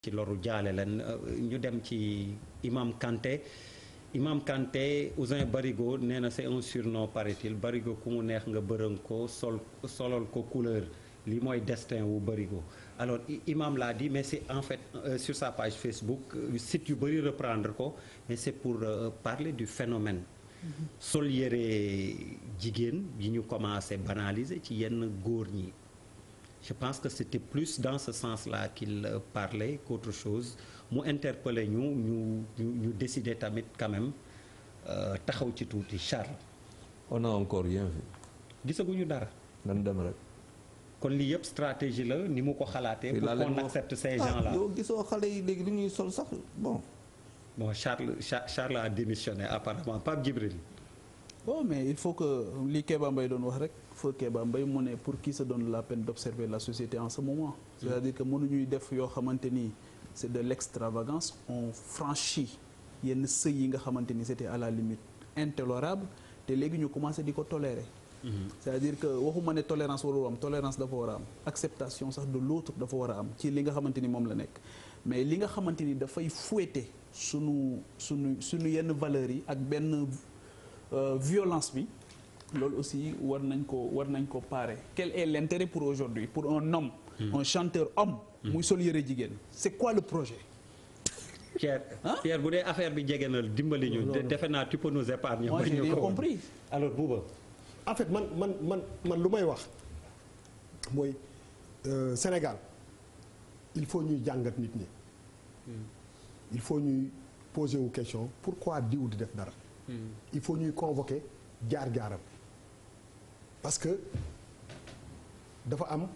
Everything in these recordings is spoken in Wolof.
ci loru jaale la ñu dem ci imam Kanté imam Kanté Ousin Barigo nee na c'est un surnom paraît Barigo ku mu neex nga bërën ko sol solol ko couleur li mooy destin wu Barigo alors imam l'a dit mais c'est en fait euh, sur sa page Facebook euh, site yu bëri reprendre ko mais c'est pour euh, parler du phénomène mm-hmm. sol yére jigéen yi ñu commencé banaliser ci yenn góor ñi je pense que c'était plus dans ce sens-là qu'il euh, parlait qu'autre chose mu interpellé ñu ñu ñu décider tamit quand même euh, taxaw ci tuuti Charles. on a encore rien vu. gisaguñu dara. nan dem rek. kon lii yëpp stratégie la ni mu ko xalaatee. pour qu'on accepte ces ah, gens-là yow gisoo xale yi léegi li ñuy sol sax bon. bon Charles Charles a démissionné apparemment Pape Djibril. oh mais il faut que li Kéba Mbaye doon wax rek feu Kéba Mbaye mu ne pour qui se donne la peine d'observer la société en ce moment c'est-à-dire que mënuñuy def yoo xamante ni c'est de l'extravagance on franchit yenn seuil yi nga xamante ni c'était à la limite intolérable te léegi ñu commencé di ko tolérer mm-hmm. c'est-à-dire que waxuma ne tolérance warul am tolérance dafa war a am acceptation sax de l'autre dafa war a am ci li nga xamante ni moom la nekk mais li nga xamante ni dafay fouetter sunu sunu sunu yenn valeurs yi ak benn Euh, violence bi loolu aussi war nañ ko war nañ ko parer quel est l'intérêt pour aujourd'hui pour un homme hmm. un chanteur homme hmm. muy sol yëre jigéen c'est quoi le projet Pierre Pierre bu dee affaire bi jege na dimbali ñu defe naa tu peux nous épargner moi j'ai bien alors Bouba en fait man man man man lu may wax mooy euh, Sénégal il faut ñuy jàngat nit ñi hmm. il faut ñuy poser wu question pourquoi diw di def dara Hmm. il faut ñuy convoquer jaar-jaaram parce que dafa am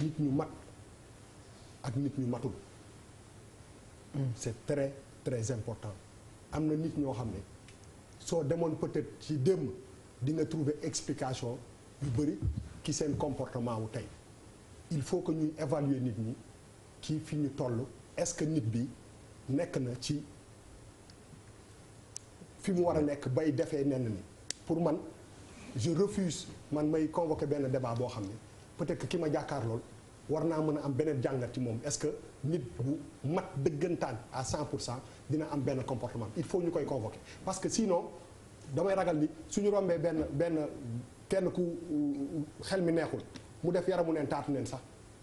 nit ñu mat ak nit ñu matul hmm. c'est très très important am na nit ñoo xam ne soo demoon peut-être ci démb di nga trouver explication yu bëri ki seen comportement wu tey il faut que ñuy évaluer nit ñi ci fi ñu toll est-ce que nit bi nekk na ci fi mu war a nekk bay defee nenn ni pour man je refuse man may convoquer benn débat boo xam ne peut-être ki ma jàkkaar lool war naa mën a am beneen jàngat ci moom est-ce que nit bu mat dëggantaan à cent pour cent dina am benn comportement il faut ñu koy convoquer parce que sinon damay ragal ni suñu rombee benn benn kenn ku euh, xel mi neexul mu def yaramu neen taatu neen sax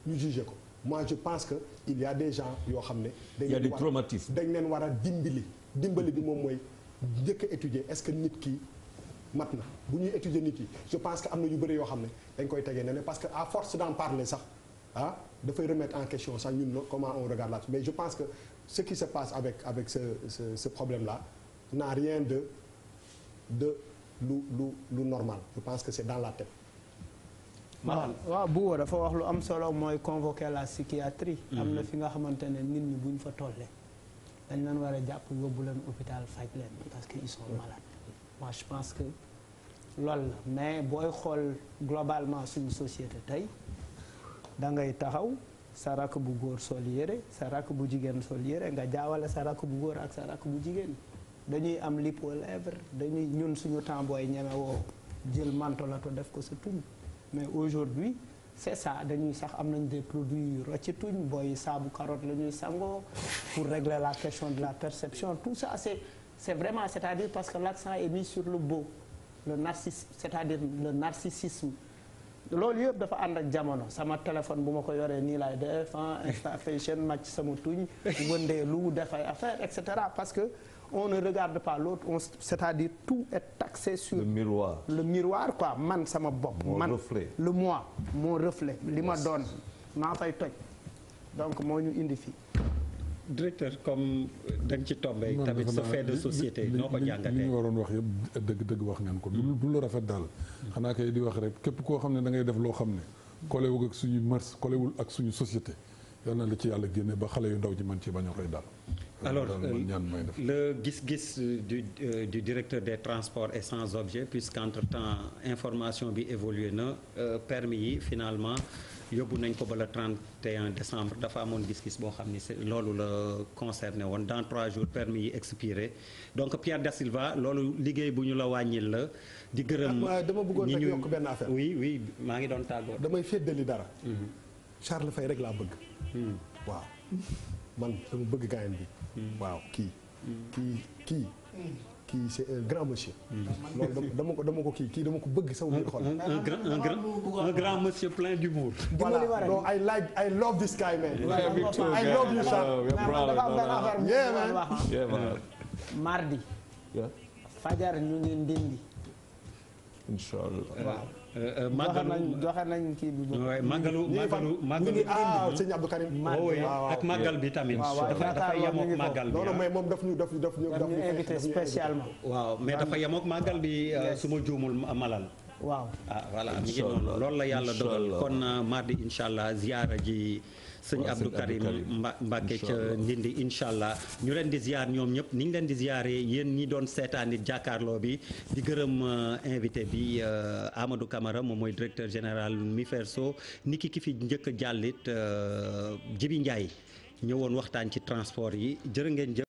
ñu juger ko moi je pense que il y des gens yoo xam ne. dañ leen war a dañ leen war a dimbali dimbali bi moom mooy. njëkk a étudier est-ce que nit ki mat na bu ñuy étudier nit yi je pense que am na yu bëri yoo xam ne dañ koy tegee ne ne parce que à force d'en parler sax ah dafay remettre en question sax ñun comment on regarde là mais je pense que ce qui se passe avec avec ce problème là n'a rien de normal je pense que c'est dans la tête waaw waaw bu dafa wax lu am solo mooy convoquer la psychiatrie mm-hmm. am na fi nga xamante ne nit ñi buñ fa tollee dañ leen war a jàpp yóbbu leen hôpital faj leen parce que ils sont malades moi je pense que loolu la mais booy xool globalement suñu société tey da ngay taxaw sa rakk bu góor sol yére sa rakk bu jigéen sol yére nga jaawale sa rakk bu góor ak sa rakk bu jigéen dañuy am lipo lèvre dañuy ñun suñu temps booy ñeme woo jël mantolatu def ko sa tuñ mais aujourd'hui c'est ça dañuy sax am nañ des produits roccituñ booy saabu carotte la ñuy sangoo pour régler la question de la perception tout ça c'est c'est vraiment c'est-à-dire parce que l'accent est mis sur le beau le narciss c'est-à-dire le narcissisme loolu yëpp dafa ànd ak jamono sama téléphone bu ma ko yoree nii laay def ah insta fashion sama tuñ wëndeelu dafay affaire et parce que on ne regarde pas l'autre on à dire tout est axé sur le miroir le miroir quoi man sama bopp man reflet. le moi mon reflet li ma doon maa fay toj donc moo ñu indi fii directeur comme da nga ci tombé tamit ce fait de société noo ko jàngatee li ñu waroon wax yëpp dëgg dëgg wax ngeen ko du lu rafet daal xanaa kay di wax rek képp koo xam ne da ngay def loo xam ne kolewul ak suñu mœurs kolewul ak suñu société yal na la ci yàlla génne ba xale yu ndaw ji mën ci bañ a koy dal. alors le gis-gis du euh, du directeur des transports et sans objet puisqu'entre-temps information bi évolué na euh, permis yi finalement yóbbu nañ ko ba le 31 décembre dafa amoon gis-gis boo xam ni c'est loolu la concerné woon dans trois jours permis yi expiré donc Pierre Da Silva loolu liggéey bu ñu la wàññil la di gërëm. ñi ah, ñu dama bëggoon rek yokk benn maa ngi doon tàggoo. damay féddali dara. Mhm. Charles Faye rek laa bëgg. Hmm. waaw man dama bëgg gaayen bi. Hmm. waaw kii. Hmm. kii kii. kii c'est un grand monsieur. loolu dama ko dama ko kii kii dama ko bëgg saw biir xol. un grand un grand un mardi. fajar ñu ngi ndindi. incha allah Euh, euh, màggalu joxe nañ kii bi màggalu màggalu màggalu ah sëñ Abdou Karim ak màggal bi tamit dafa dafa yemook màggal bi non ah. mais moom daf ñu daf ñu daf ñu daf ñu invité spécialement waaw mais dafa yemook màggal bi euh, su ma juumul malal waaw ah voilà mi ngi noonu loolu la yàlla dogal kon mardi incha allah ziyaara ji sëñ Abdou Karim Mbacke ca Ndindi incha allah ñu leen di ziar ñoom ñëpp ni ñu leen di ziaree yéen ñi doon seetaan it jàkkaarloo bi di gërëm euh, invité bi euh, Amadou Camara moom mooy directeur général Miferso niki ki fi njëkk a jàllit euh, Jibi Ndiaye ñëwoon waxtaan ci transport yi jërë ngeen jëf